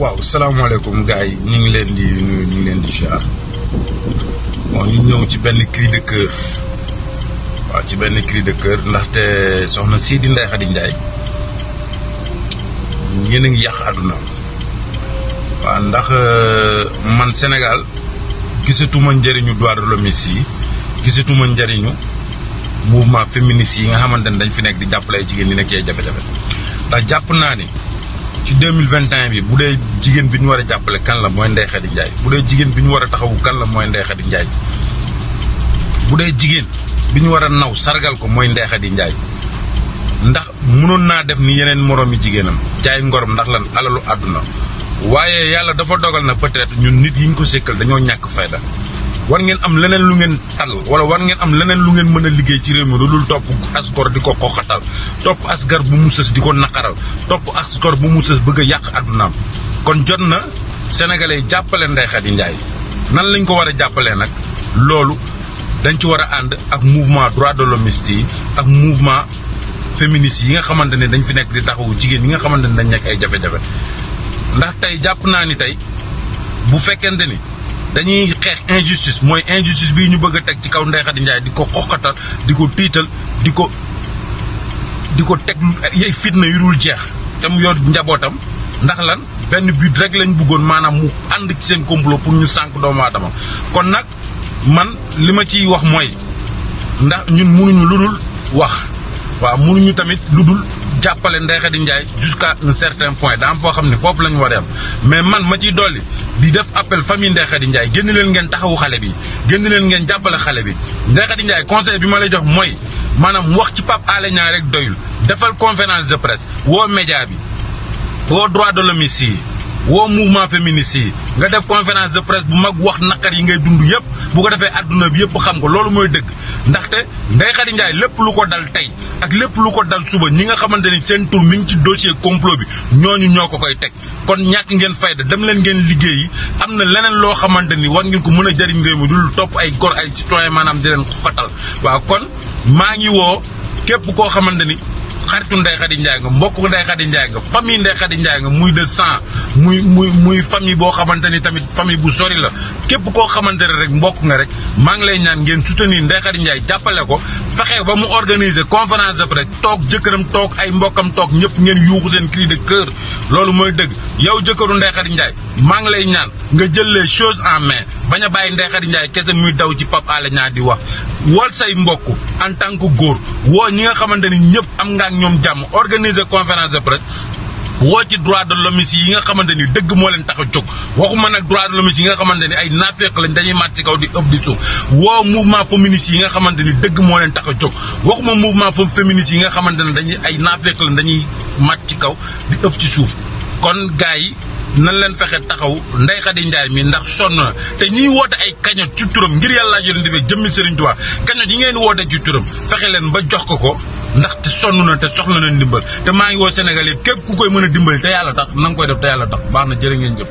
waaw salaamaaleykum gars yi ñu ngi leen di nuy ñu ngi leen di ziar bon ñu ñëw ci benn cri de waaw ci benn cri dëkkër ndaxte soxna sii di Ndeye Khady Ndiaye yéen a ngi yàq àdduna waaw ndax euh, man Sénégal gisatuma njëriñu droits de l'homme yi gisatuma njëriñu mouvement féministe yi nga xamante ne dañ fi nekk di jàppale jigéen ñi nekk yee jafe-jafe ndax jàpp naa ni ci deux mille vingt et un bu dee jigéen bi ñu war a jàppale kan la mooy Ndeye Khady Ndiaye bu dee jigéen bi ñu war a taxawu kan mooy Ndeye Khady dee jigéen bi ñu war a naw sargal ko mooy Ndeye Khady Ndiaye ndax mënoon naa def ni yeneen moroomi jigéenam jaay ngorom ndax lan alalu àdduna waaye yàlla dafa dogal na peut-être ñun nit yi ñu ko sékkal dañoo ñàkk fayda war ngeen am leneen lu ngeen tal wala war ngeen am leneen lu ngeen mën a liggéey ci réew mi lu dul topp askor di ko xoxatal topp asgar bu mu sës di ko naqaral topp asgor bu mu sës bëgg a yàq addunaam kon jot na sénégalais yi jàppale Ndeye Khady Ndiaye nan lañ ko war a jàppalee nag loolu dañ ci war a ànd ak mouvement droit de l'hommiste yi ak mouvement féministe yi nga xamante ne dañ fi nekk di taxawu jigéen yi nga xamante ne dañ nekk ay jafe-jafe ndax tey jàpp naa ni tey bu fekkente ni dañuy xeex injustice mooy injustice bii ñu bëgg a teg ci kaw Ndeye Khady Ndiaye di ko xoqatal di ko tiital di ko di ko teg ay fitna yu dul jeex te mu yor njabootam ndax lan benn but rek lañ bëggoon maanaam mu ànd ci seen complot pour ñu sànq doomu aadama kon nag man li ma ciy wax mooy ndax ñun mënuñu lu dul wax waaw mënuñu tamit lu dul jàppale Ndeye Khady Ndiaye jusqu'à un certain point daa am foo xam ne foofu la ñu war am mais man ma ciy dolli di def appel famille Ndeye Khady Ndiaye génn leen ngeen taxawu xale bi génn leen ngeen jàppale xale bi Ndeye Khady Ndiaye conseil bi ma lay jox mooy maanaam wax ci Pape Alé Niang rek doyul defal conférence de presse woo média bi woo droit de l'homme yi woo mouvement féministe yi nga def conférence de presse bu mag wax naqar yi ngay dund yëpp bu ko defee àdduna bi yëpp xam ko loolu mooy dëgg ndaxte Ndeye Khady Ndiaye lépp lu ko dal tey ak lépp lu ko dal suba ñi nga xamante ni seen tur mi ci dossier complot bi ñooñu ñoo ko koy teg kon ñàkk ngeen fayda dem leen ngeen liggéey yi am na leneen loo xamante ni war ngeen ko mën a jëriñ réew mi dul topp ay góor ay citoyen maanaam di leen xoxatal waaw kon maa ngi woo képp koo xamante ni xaritu Ndeye Khady Ndiaye nga mbokku Ndeye Khady Ndiaye nga famille Ndeye Khady Ndiaye nga muy de sang muy muy muy famille boo xamante ni tamit famille bu sori la képp koo xamante ne rek mbokk nga rek maa ngi lay ñaan ngeen soutenir Ndeye Khady Ndiaye jàppale ko fexe ba mu organiser conférence de presse toog jëkkëram toog ay mbokkam toog ñëpp ngeen yuuxu seen cri de cœur loolu mooy dëgg yow jëkkëru Ndeye Khady Ndiaye maa ngi lay ñaan nga jël les choses en main bañ a bàyyi Ndeye Khady Ndiaye kese muy daw ci Pape Alé Niang di wax wol say mbokk en tant que góor woo ñi nga xamante ni ñëpp am nga ak ñoom jàmm organiser conférence de presse woo ci droit de l'homme yi nga xamante ni dëgg moo leen tax a jóg waxuma nag droit de l'homme yi nga xamante ni ay naafeq lañ dañuy màtt ci kaw di ëf di suuf woo yi nga xamante ni dëgg moo leen tax a jóg waxuma mouvement féministe yi nga xamante ne dañuy ay naafeq lañ dañuy màtt ci kaw di ëf ci suuf kon gars nan leen fexe taxaw Ndeye Khady mii ndax sonn na te ñiy woote ay cagnotte ci turam ngir yàlla yonent bi jëmmi Serigne Touba cagnotte yi ngeen woote ci turam fexe leen ba jox ko ko ndax te sonn na te soxla na ndimbal te maa ngi woo Sénégal képp ku koy mën a dimbali te yàlla tax na nga koy def te yàlla tax baa na jërë ngeen jëf.